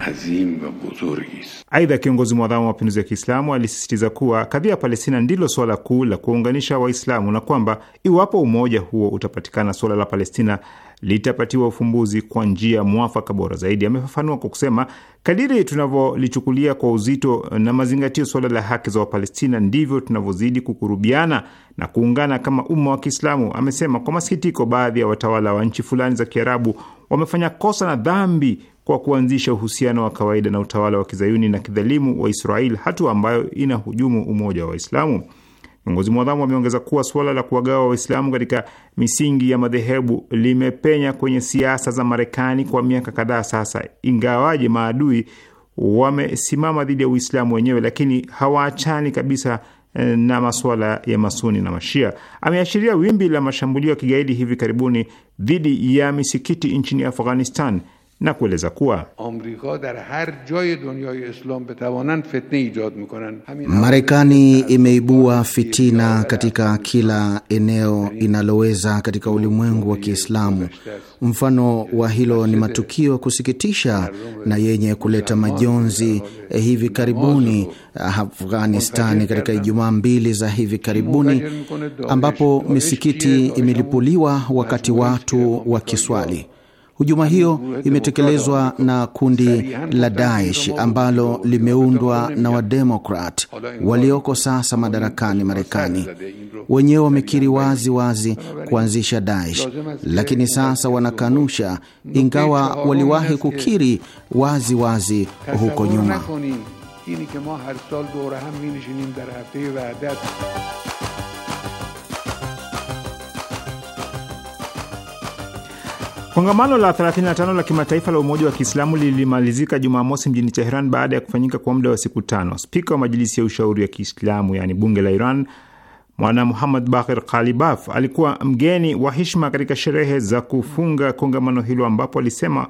Aidha, kiongozi mwadhamu wa mapinduzi ya Kiislamu alisisitiza kuwa kadhia ya Palestina ndilo suala kuu la kuwaunganisha Waislamu na kwamba iwapo umoja huo utapatikana, suala la Palestina litapatiwa ufumbuzi kwa njia mwafaka bora zaidi. Amefafanua kwa kusema, kadiri tunavyolichukulia kwa uzito na mazingatio suala la haki za Wapalestina, ndivyo tunavyozidi kukurubiana na kuungana kama umma wa Kiislamu. Amesema kwa masikitiko, baadhi ya watawala wa nchi fulani za Kiarabu wamefanya kosa na dhambi kwa kuanzisha uhusiano wa kawaida na utawala wa kizayuni na kidhalimu wa israel hatua ambayo inahujumu umoja wa Waislamu. Viongozi mwadhamu wameongeza kuwa suala la kuwagawa Waislamu katika misingi ya madhehebu limepenya kwenye siasa za Marekani kwa miaka kadhaa sasa, ingawaje maadui wamesimama dhidi ya Uislamu wenyewe, lakini hawaachani kabisa eh, na masuala ya masuni na mashia. Ameashiria wimbi la mashambulio ya kigaidi hivi karibuni dhidi ya misikiti nchini Afghanistan na kueleza kuwa Marekani imeibua fitina katika kila eneo inaloweza katika ulimwengu wa Kiislamu. Mfano wa hilo ni matukio ya kusikitisha na yenye kuleta majonzi hivi karibuni eh, Afghanistani, katika Ijumaa mbili za hivi karibuni, ambapo misikiti imelipuliwa wakati watu wakiswali. Hujuma hiyo yaani imetekelezwa na kundi la Daesh ambalo limeundwa na Wademokrat walioko sasa madarakani Marekani. Wenyewe wamekiri wazi wazi kuanzisha Daesh, lakini sasa wanakanusha, ingawa waliwahi kukiri wazi wazi huko nyuma. Kongamano la 35 la kimataifa la Umoja wa Kiislamu lilimalizika Jumamosi mjini Teheran baada ya kufanyika kwa muda wa siku tano. Spika wa Majilisi ya Ushauri ya Kiislamu, yani bunge la Iran, Mwana Muhammad Bakir Kalibaf alikuwa mgeni wa heshima katika sherehe za kufunga kongamano hilo, ambapo alisema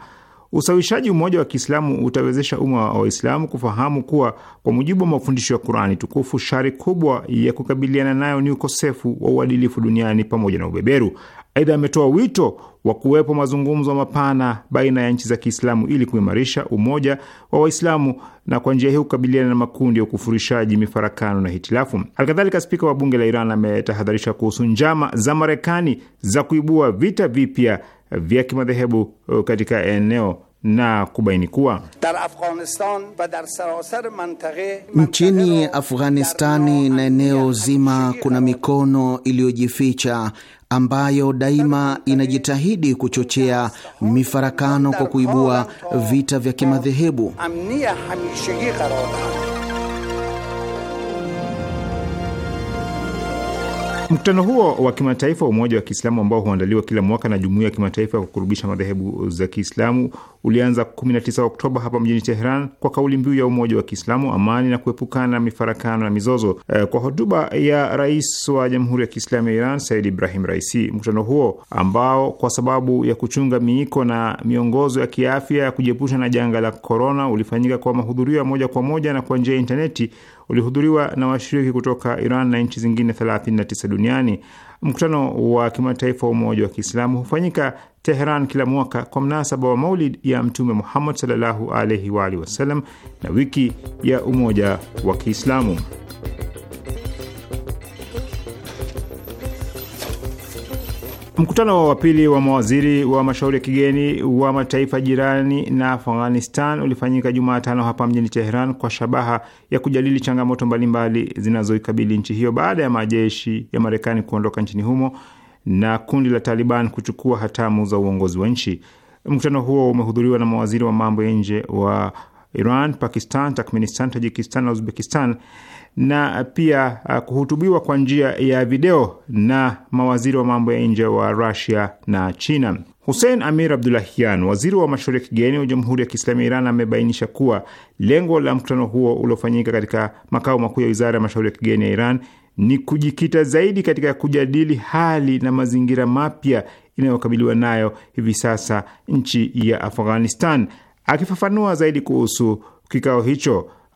usawishaji umoja wa Kiislamu utawezesha umma wa Waislamu kufahamu kuwa kwa mujibu wa mafundisho ya qurani tukufu shari kubwa ya kukabiliana nayo ni ukosefu wa uadilifu duniani pamoja na ubeberu. Aidha, ametoa wito wa kuwepo mazungumzo mapana baina ya nchi za Kiislamu ili kuimarisha umoja wa Waislamu na kwa njia hii kukabiliana na makundi ya ukufurishaji, mifarakano na hitilafu. Halikadhalika, spika wa bunge la Iran ametahadharisha kuhusu njama za Marekani za kuibua vita vipya vya kimadhehebu uh, katika eneo na kubaini kuwa nchini Afghanistani na eneo zima kuna mikono iliyojificha ambayo daima inajitahidi kuchochea mifarakano kwa kuibua vita vya kimadhehebu. Mkutano huo wa kimataifa wa Umoja wa Kiislamu ambao huandaliwa kila mwaka na jumuia ya Kimataifa ya Kukurubisha Madhehebu za Kiislamu ulianza 19 Oktoba hapa mjini Teheran kwa kauli mbiu ya Umoja wa Kiislamu, amani na kuepukana mifarakano na mizozo, eh, kwa hotuba ya Rais wa Jamhuri ya Kiislamu ya Iran Said Ibrahim Raisi. Mkutano huo ambao kwa sababu ya kuchunga miiko na miongozo ya kiafya ya kujiepusha na janga la korona ulifanyika kwa mahudhurio ya moja kwa moja na kwa njia ya intaneti ulihudhuriwa na washiriki kutoka Iran na nchi zingine 39 duniani. Mkutano wa kimataifa wa Umoja wa Kiislamu hufanyika Teheran kila mwaka kwa mnasaba wa Maulid ya Mtume Muhammad sallallahu alaihi waalihi wasallam na wiki ya Umoja wa Kiislamu. Mkutano wa pili wa mawaziri wa mashauri ya kigeni wa mataifa jirani na Afghanistan ulifanyika Jumatano hapa mjini Teheran kwa shabaha ya kujadili changamoto mbalimbali zinazoikabili nchi hiyo baada ya majeshi ya Marekani kuondoka nchini humo na kundi la Taliban kuchukua hatamu za uongozi wa nchi. Mkutano huo umehudhuriwa na mawaziri wa mambo ya nje wa Iran, Pakistan, Turkmenistan, Tajikistan na Uzbekistan na pia uh, kuhutubiwa kwa njia ya video na mawaziri wa mambo ya nje wa Rusia na China. Hussein Amir Abdulahian, waziri wa mashauri ya kigeni wa Jamhuri ya Kiislamu ya Iran, amebainisha kuwa lengo la mkutano huo uliofanyika katika makao makuu ya wizara ya mashauri ya kigeni ya Iran ni kujikita zaidi katika kujadili hali na mazingira mapya inayokabiliwa nayo hivi sasa nchi ya Afghanistan. Akifafanua zaidi kuhusu kikao hicho,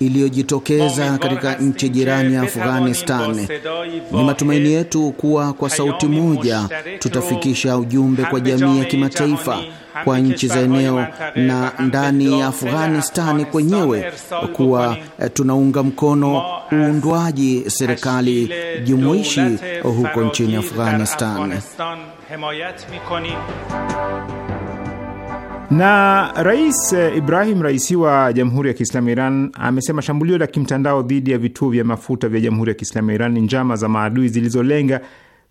iliyojitokeza katika nchi jirani ya Afghanistan. Ni matumaini yetu kuwa kwa sauti moja tutafikisha ujumbe kwa jamii ya kimataifa, kwa nchi za eneo na ndani ya Afghanistani kwenyewe kuwa eh, tunaunga mkono eh, uundwaji serikali jumuishi huko nchini Afghanistan. Na Rais eh, Ibrahim Raisi wa Jamhuri ya Kiislamu ya Iran amesema shambulio la kimtandao dhidi ya vituo vya mafuta vya Jamhuri ya Kiislamu ya Iran ni njama za maadui zilizolenga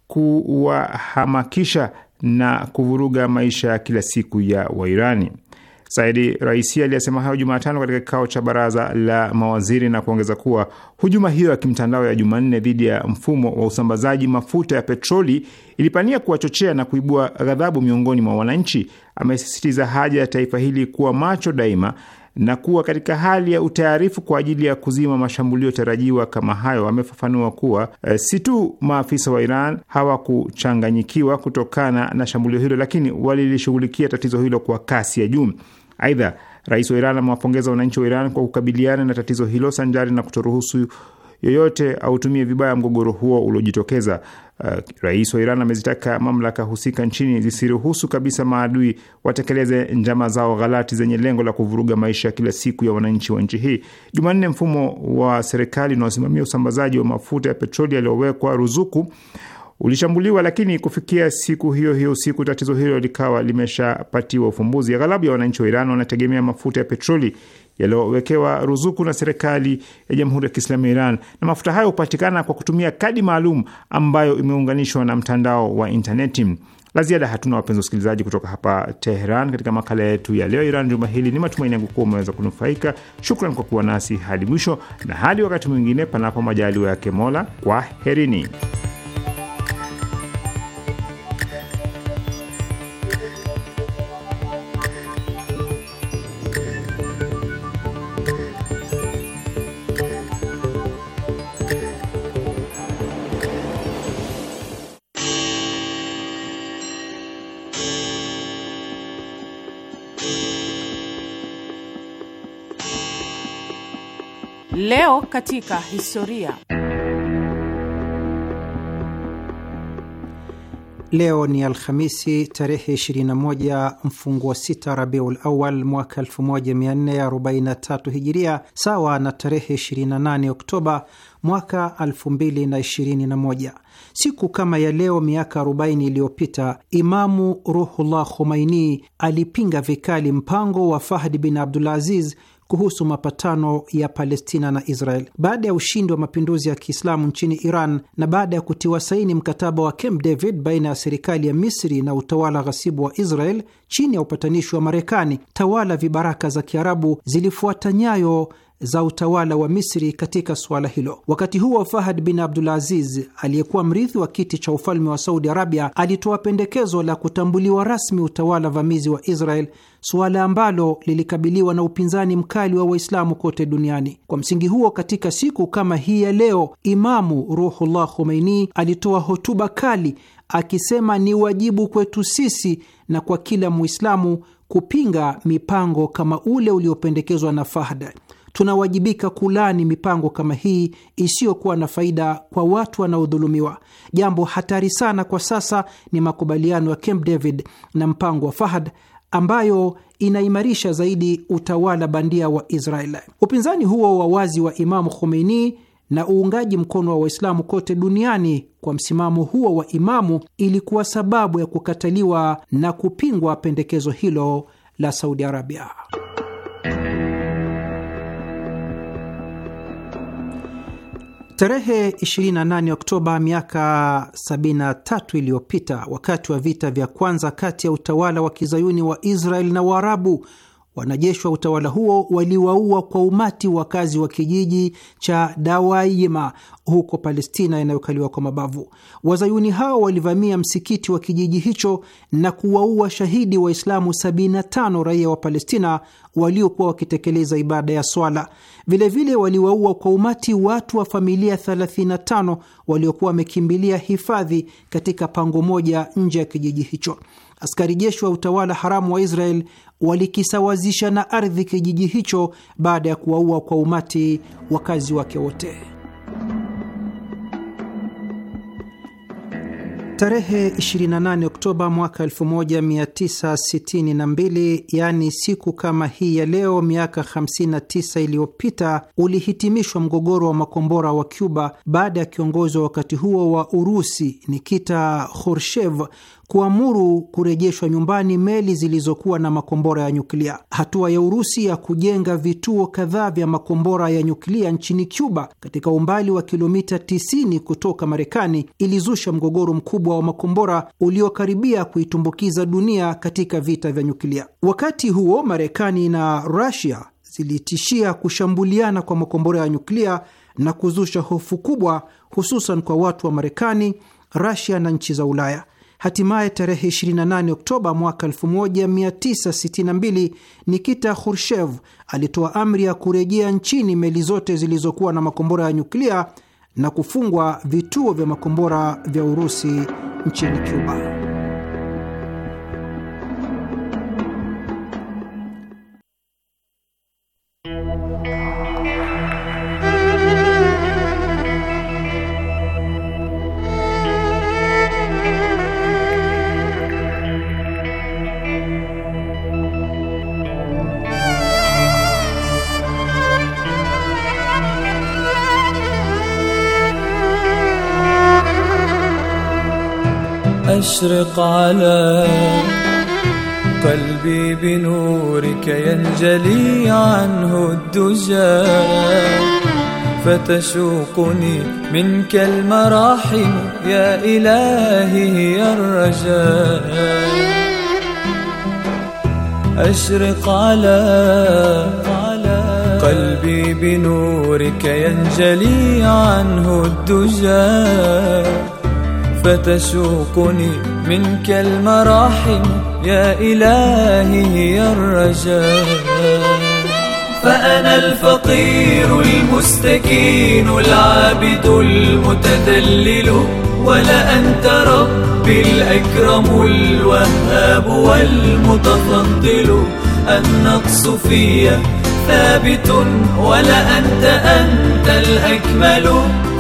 kuwahamakisha na kuvuruga maisha ya kila siku ya Wairani. Saidi Raisi aliyesema hayo Jumatano katika kikao cha baraza la mawaziri na kuongeza kuwa hujuma hiyo ya kimtandao ya Jumanne dhidi ya mfumo wa usambazaji mafuta ya petroli ilipania kuwachochea na kuibua ghadhabu miongoni mwa wananchi. Amesisitiza haja ya taifa hili kuwa macho daima na kuwa katika hali ya utayarifu kwa ajili ya kuzima mashambulio tarajiwa kama hayo. Amefafanua kuwa e, si tu maafisa wa Iran hawakuchanganyikiwa kutokana na shambulio hilo, lakini walilishughulikia tatizo hilo kwa kasi ya juu. Aidha, rais wa Iran amewapongeza wananchi wa Iran kwa kukabiliana na tatizo hilo sanjari na kutoruhusu yoyote autumie vibaya mgogoro huo uliojitokeza. Uh, rais wa Iran amezitaka mamlaka husika nchini zisiruhusu kabisa maadui watekeleze njama zao ghalati zenye lengo la kuvuruga maisha ya kila siku ya wananchi wa nchi hii. Jumanne, mfumo wa serikali unaosimamia usambazaji wa mafuta ya petroli yaliyowekwa ruzuku ulishambuliwa, lakini kufikia siku hiyo hiyo usiku tatizo hilo likawa limeshapatiwa ufumbuzi. Aghalabu ya wananchi wa Iran wanategemea mafuta ya petroli yaliyowekewa ruzuku na serikali ya Jamhuri ya Kiislamu ya Iran, na mafuta hayo hupatikana kwa kutumia kadi maalum ambayo imeunganishwa na mtandao wa intaneti. La ziada hatuna, wapenzi wasikilizaji, kutoka hapa Teheran katika makala yetu ya leo Iran juma hili. Ni matumaini yangu kuwa umeweza kunufaika. Shukran kwa kuwa nasi hadi mwisho, na hadi wakati mwingine, panapo majaliwa yake Mola, kwa herini Leo katika historia. Leo ni Alhamisi tarehe 21 mfunguo 6 Rabiul Awal mwaka 1443 Hijiria, sawa na tarehe 28 Oktoba mwaka 2021. Siku kama ya leo miaka 40 iliyopita Imamu Ruhullah Khomeini alipinga vikali mpango wa Fahdi bin Abdulaziz kuhusu mapatano ya Palestina na Israel. Baada ya ushindi wa mapinduzi ya Kiislamu nchini Iran na baada ya kutiwa saini mkataba wa Camp David baina ya serikali ya Misri na utawala ghasibu wa Israel chini ya upatanishi wa Marekani, tawala vibaraka za Kiarabu zilifuata nyayo za utawala wa Misri katika suala hilo. Wakati huo, Fahad bin Abdulaziz aliyekuwa mrithi wa kiti cha ufalme wa Saudi Arabia alitoa pendekezo la kutambuliwa rasmi utawala vamizi wa Israel, suala ambalo lilikabiliwa na upinzani mkali wa Waislamu kote duniani. Kwa msingi huo, katika siku kama hii ya leo, Imamu Ruhullah Khomeini alitoa hotuba kali akisema ni wajibu kwetu sisi na kwa kila Muislamu kupinga mipango kama ule uliopendekezwa na Fahda tunawajibika kulani mipango kama hii isiyokuwa na faida kwa watu wanaodhulumiwa. Jambo hatari sana kwa sasa ni makubaliano ya Camp David na mpango wa Fahad ambayo inaimarisha zaidi utawala bandia wa israel Upinzani huo wa wazi wa Imamu Khomeini na uungaji mkono wa Waislamu kote duniani kwa msimamo huo wa Imamu ilikuwa sababu ya kukataliwa na kupingwa pendekezo hilo la Saudi Arabia. Tarehe 28 Oktoba miaka 73 iliyopita, wakati wa vita vya kwanza kati ya utawala wa kizayuni wa Israel na Waarabu Wanajeshi wa utawala huo waliwaua kwa umati wakazi wa kijiji cha Dawayima huko Palestina inayokaliwa kwa mabavu. Wazayuni hao walivamia msikiti wa kijiji hicho na kuwaua shahidi Waislamu 75 raia wa Palestina waliokuwa wakitekeleza ibada ya swala. Vilevile waliwaua kwa umati watu wa familia 35 waliokuwa wamekimbilia hifadhi katika pango moja nje ya kijiji hicho askari jeshi wa utawala haramu wa Israel walikisawazisha na ardhi kijiji hicho baada ya kuwaua kwa umati wakazi wake wote. Tarehe 28 Oktoba mwaka 1962, yaani siku kama hii ya leo miaka 59 iliyopita, ulihitimishwa mgogoro wa makombora wa Cuba baada ya kiongozi wa wakati huo wa Urusi Nikita Khrushchev kuamuru kurejeshwa nyumbani meli zilizokuwa na makombora ya nyuklia. Hatua ya Urusi ya kujenga vituo kadhaa vya makombora ya nyuklia nchini Cuba katika umbali wa kilomita 90 kutoka Marekani ilizusha mgogoro mkubwa wa makombora uliokaribia kuitumbukiza dunia katika vita vya nyuklia. Wakati huo, Marekani na Rusia zilitishia kushambuliana kwa makombora ya nyuklia na kuzusha hofu kubwa, hususan kwa watu wa Marekani, Rusia na nchi za Ulaya. Hatimaye tarehe 28 Oktoba mwaka 1962 Nikita Khrushchev alitoa amri ya kurejea nchini meli zote zilizokuwa na makombora ya nyuklia na kufungwa vituo vya makombora vya Urusi nchini Cuba. تشرق على قلبي بنورك ينجلي عنه الدجى فتشوقني منك المراحم يا إلهي يا الرجاء أشرق على قلبي بنورك ينجلي عنه الدجى فتشوقني منك المراحم يا إلهي يا الرجاء فأنا الفقير المستكين العابد المتذلل ولا أنت ربي الأكرم الوهاب والمتفضل النقص في ثابت ولا أنت أنت الأكمل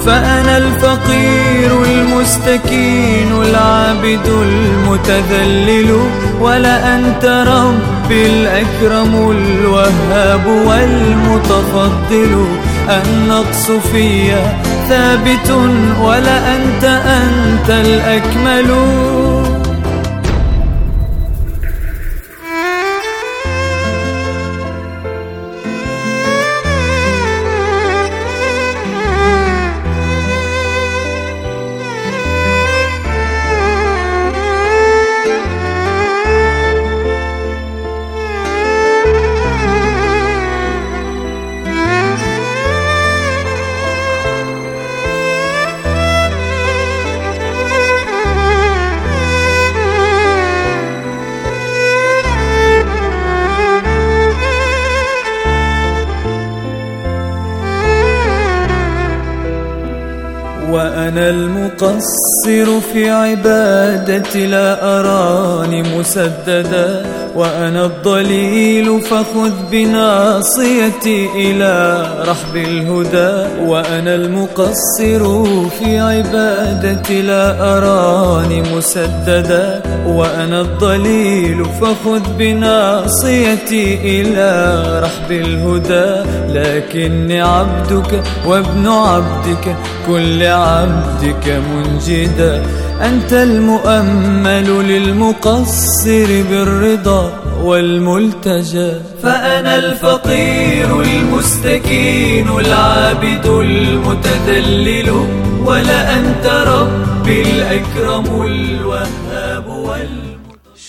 فأنا الفقير المستكين العابد المتذلل ولا أنت رب الأكرم الوهاب والمتفضل النقص في ثابت ولا أنت أنت الأكمل أسير في عبادتي لا أراني مسددا وأنا الضليل فخذ بناصيتي إلى رحب الهدى وأنا المقصر في عبادتي لا أراني مسددا وأنا الضليل فخذ بناصيتي إلى رحب الهدى لكني عبدك وابن عبدك كل عبدك منجدا أنت المؤمل للمقصر بالرضا والملتجى فأنا الفقير المستكين العابد المتدلل ولا أنت ربي الأكرم الوهاب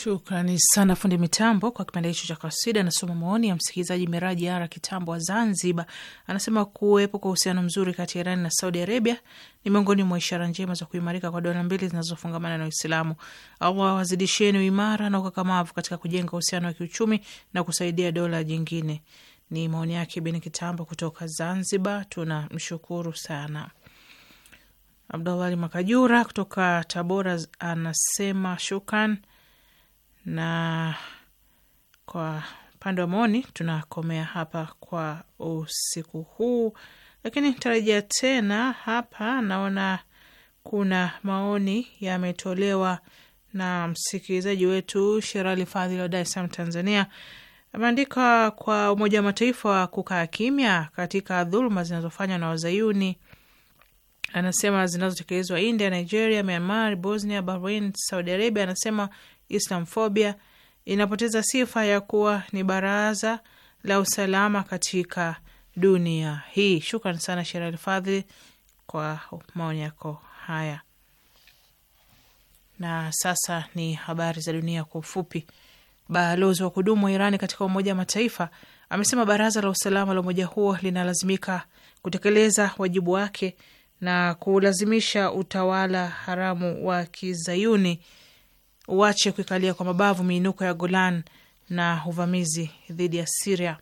Shukrani sana fundi mitambo kwa kipande hicho cha kasida. Anasoma maoni ya msikilizaji Miraji Ara Kitambo wa Zanzibar, anasema kuwepo kwa uhusiano mzuri kati ya Irani na Saudi Arabia ni miongoni mwa ishara njema za kuimarika kwa dola mbili zinazofungamana na Uislamu. Allah wazidisheni uimara na ukakamavu katika kujenga uhusiano wa kiuchumi na kusaidia dola jingine. Ni maoni yake Bin Kitambo kutoka Zanzibar, tunamshukuru sana. Abdulali Makajura kutoka Tabora anasema shukran na kwa upande wa maoni tunakomea hapa kwa usiku huu, lakini tarajia tena hapa. Naona kuna maoni yametolewa na msikilizaji wetu Sherali Fadhili wa Dar es Salaam, Tanzania. Ameandika kwa Umoja wa Mataifa wa kukaa kimya katika dhuluma zinazofanywa na Wazayuni. Anasema zinazotekelezwa India, Nigeria, Myanmar, Bosnia, Bahrain, Saudi Arabia. Anasema Islamfobia inapoteza sifa ya kuwa ni baraza la usalama katika dunia hii. Shukran sana Sherali Fadhili kwa maoni yako haya. Na sasa ni habari za dunia kwa ufupi. Balozi wa kudumu wa Irani katika Umoja wa Mataifa amesema baraza la usalama la umoja huo linalazimika kutekeleza wajibu wake na kulazimisha utawala haramu wa kizayuni uache kuikalia kwa mabavu miinuko ya Golan na uvamizi dhidi ya Siria.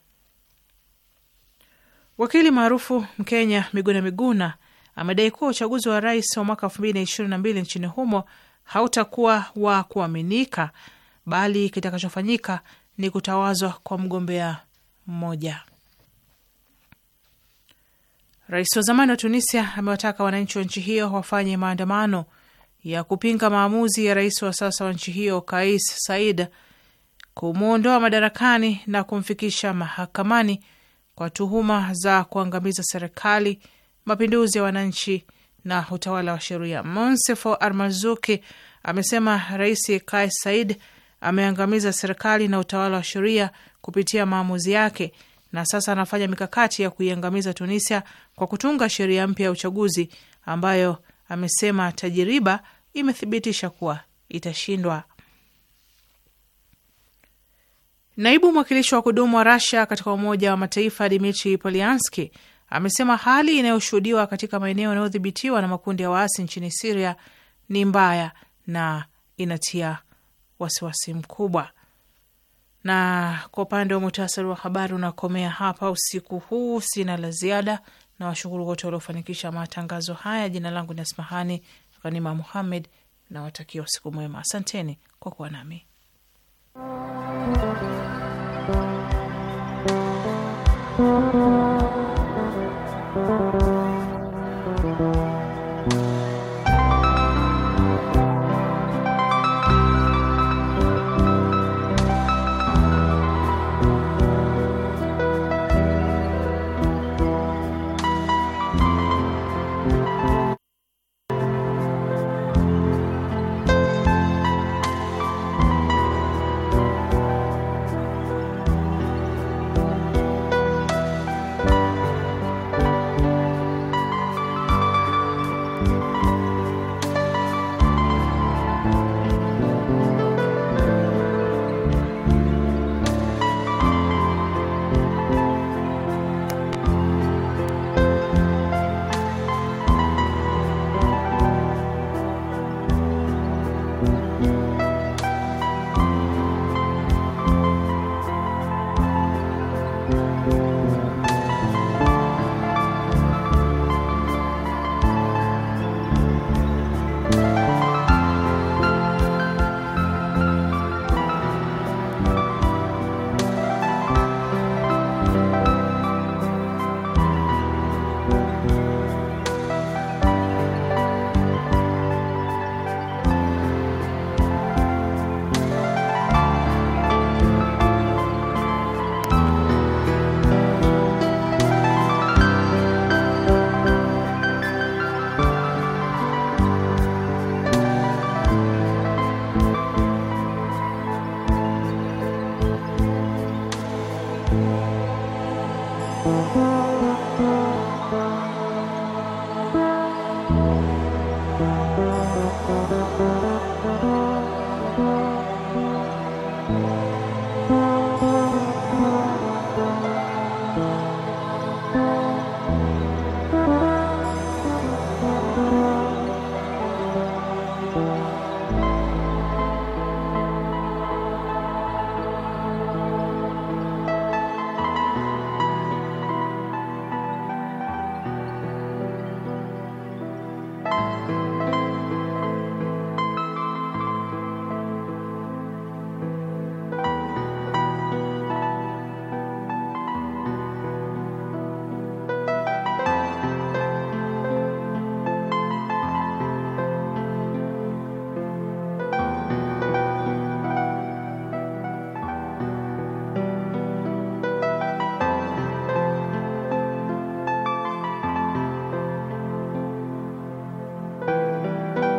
Wakili maarufu Mkenya Miguna Miguna amedai kuwa uchaguzi wa rais wa mwaka elfu mbili na ishirini na mbili nchini humo hautakuwa wa kuaminika, bali kitakachofanyika ni kutawazwa kwa mgombea mmoja. Rais wa zamani wa Tunisia amewataka wananchi wa nchi hiyo wafanye maandamano ya kupinga maamuzi ya rais wa sasa wa nchi hiyo Kais Said kumwondoa madarakani na kumfikisha mahakamani kwa tuhuma za kuangamiza serikali, mapinduzi ya wananchi na utawala wa sheria. Monsefo Armazuki amesema Rais Kais Said ameangamiza serikali na utawala wa sheria kupitia maamuzi yake na sasa anafanya mikakati ya kuiangamiza Tunisia kwa kutunga sheria mpya ya uchaguzi ambayo amesema tajiriba imethibitisha kuwa itashindwa. Naibu mwakilishi wa kudumu wa Rasia katika Umoja wa Mataifa Dmitri Polianski amesema hali inayoshuhudiwa katika maeneo yanayodhibitiwa na makundi ya waasi nchini Siria ni mbaya na inatia wasiwasi mkubwa. Na kwa upande wa muhtasari wa habari unakomea hapa usiku huu, sina la ziada na washukuru wote waliofanikisha matangazo haya. Jina langu ni Asmahani Ghanima Muhammed na watakia usiku mwema. Asanteni kwa kuwa nami. Thank you.